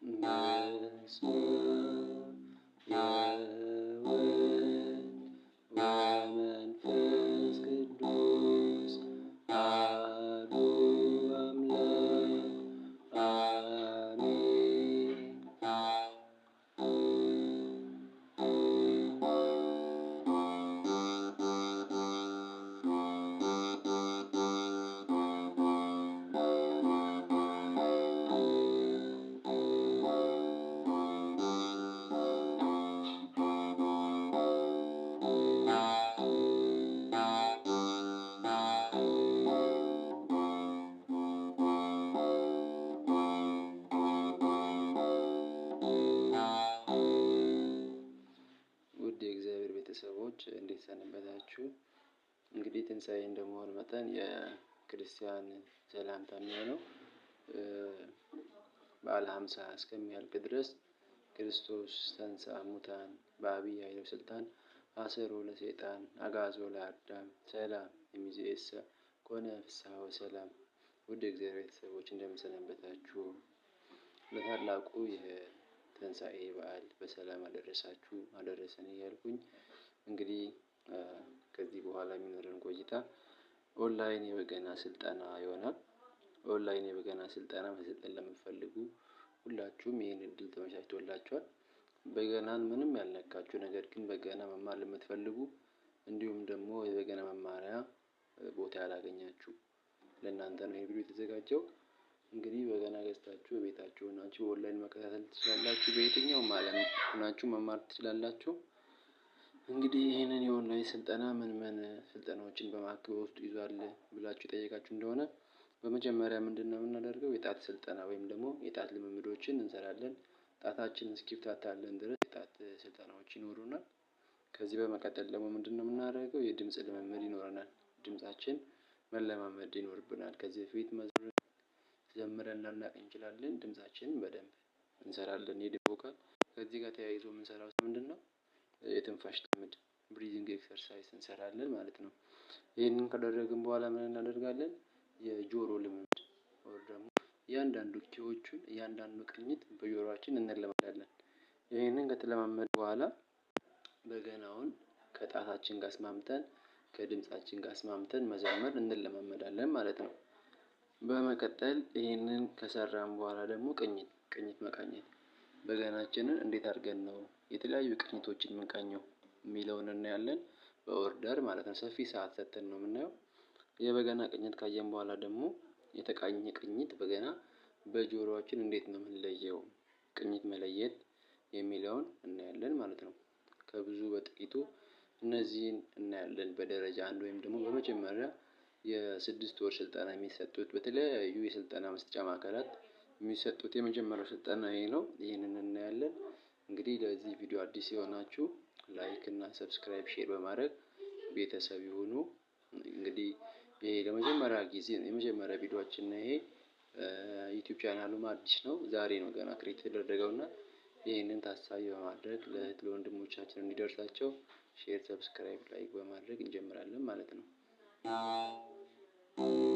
đời xưa ቤተሰቦች እንዴት ሰነበታችሁ? እንግዲህ ትንሣኤ እንደመሆን መጠን የክርስቲያን ሰላምታ የሚሆነው በዓለ ሀምሳ እስከሚያልቅ ድረስ ክርስቶስ ተንሥአ እሙታን በዐቢይ ኃይል ወሥልጣን አሰሮ ለሰይጣን አግዓዞ ለአዳም ሰላም እምይእዜሰ ኮነ ፍስሐ ወሰላም። ውድ እግዚአብሔር ቤተሰቦች እንደምን ሰነበታችሁ? በታላቁ ለትንሣኤ በዓል በሰላም አደረሳችሁ አደረሰን እያልኩኝ እንግዲህ ከዚህ በኋላ የሚኖረን ቆይታ ኦንላይን የበገና ስልጠና ይሆናል። ኦንላይን የበገና ስልጠና መሰልጠን ለምትፈልጉ ሁላችሁም ይህን እድል ተመቻችቶላችኋል። በገናን ምንም ያልነካችሁ ነገር ግን በገና መማር ለምትፈልጉ እንዲሁም ደግሞ የበገና መማሪያ ቦታ ያላገኛችሁ ለእናንተ ነው ይህ ቪዲዮ የተዘጋጀው። እንግዲህ በገና ገዝታችሁ ቤታችሁ ሆናችሁ ኦንላይን መከታተል ትችላላችሁ። በየትኛውም ዓለም ሆናችሁ መማር ትችላላችሁ። እንግዲህ ይህንን የኦንላይን ስልጠና ምን ምን ስልጠናዎችን በማዕከል በውስጡ ይዟል ብላችሁ የጠየቃችሁ እንደሆነ በመጀመሪያ ምንድን ነው የምናደርገው? የጣት ስልጠና ወይም ደግሞ የጣት ልምምዶችን እንሰራለን። ጣታችንን እስኪፍታታለን ድረስ የጣት ስልጠናዎች ይኖሩናል። ከዚህ በመቀጠል ደግሞ ምንድን ነው የምናደርገው? የድምፅ ልምምድ ይኖረናል። ድምፃችን መለማመድ ይኖርብናል። ከዚህ በፊት ዘምረን ላናውቅ እንችላለን። ድምፃችንን በደንብ እንሰራለን። የድምፅ ቮካል ከዚህ ጋር ተያይዞ የምንሰራው ምንድነው? የትንፋሽ ጥምድ ብሪዚንግ ኤክሰርሳይዝ እንሰራለን ማለት ነው። ይህንን ከደረግን በኋላ ምን እናደርጋለን? የጆሮ ልምምድ ወይም ደግሞ እያንዳንዱ ኪዎቹን እያንዳንዱ ቅኝት በጆሮአችን እንለማመዳለን። ይህንን ከተለማመድን በኋላ በገናውን ከጣታችን ጋር አስማምተን ከድምፃችን ጋር አስማምተን መዘመር እንለማመዳለን ማለት ነው በመቀጠል ይህንን ከሰራን በኋላ ደግሞ ቅኝት ቅኝት መቃኘት በገናችንን እንዴት አድርገን ነው የተለያዩ ቅኝቶችን የምንቃኘው የሚለውን እናያለን። በኦርደር ማለት ነው። ሰፊ ሰዓት ሰጥተን ነው የምናየው። የበገና ቅኝት ካየን በኋላ ደግሞ የተቃኘ ቅኝት በገና በጆሮችን እንዴት ነው የምንለየው ቅኝት መለየት የሚለውን እናያለን ማለት ነው። ከብዙ በጥቂቱ እነዚህን እናያለን በደረጃ አንድ ወይም ደግሞ በመጀመሪያ የስድስት ወር ስልጠና የሚሰጡት በተለያዩ የስልጠና መስጫ ማዕከላት የሚሰጡት የመጀመሪያው ስልጠና ይሄ ነው። ይህንን እናያለን። እንግዲህ ለዚህ ቪዲዮ አዲስ የሆናችሁ ላይክ እና ሰብስክራይብ ሼር በማድረግ ቤተሰብ ይሁኑ። እንግዲህ ይሄ ለመጀመሪያ ጊዜ ነው የመጀመሪያ ቪዲዮችን ነው ይሄ። ዩቲዩብ ቻናሉም አዲስ ነው፣ ዛሬ ነው ገና ክሬት የተደረገውና ይህንን ታሳቢ በማድረግ ለእህት ለወንድሞቻችን እንዲደርሳቸው ሼር፣ ሰብስክራይብ፣ ላይክ በማድረግ እንጀምራለን ማለት ነው። Thank you.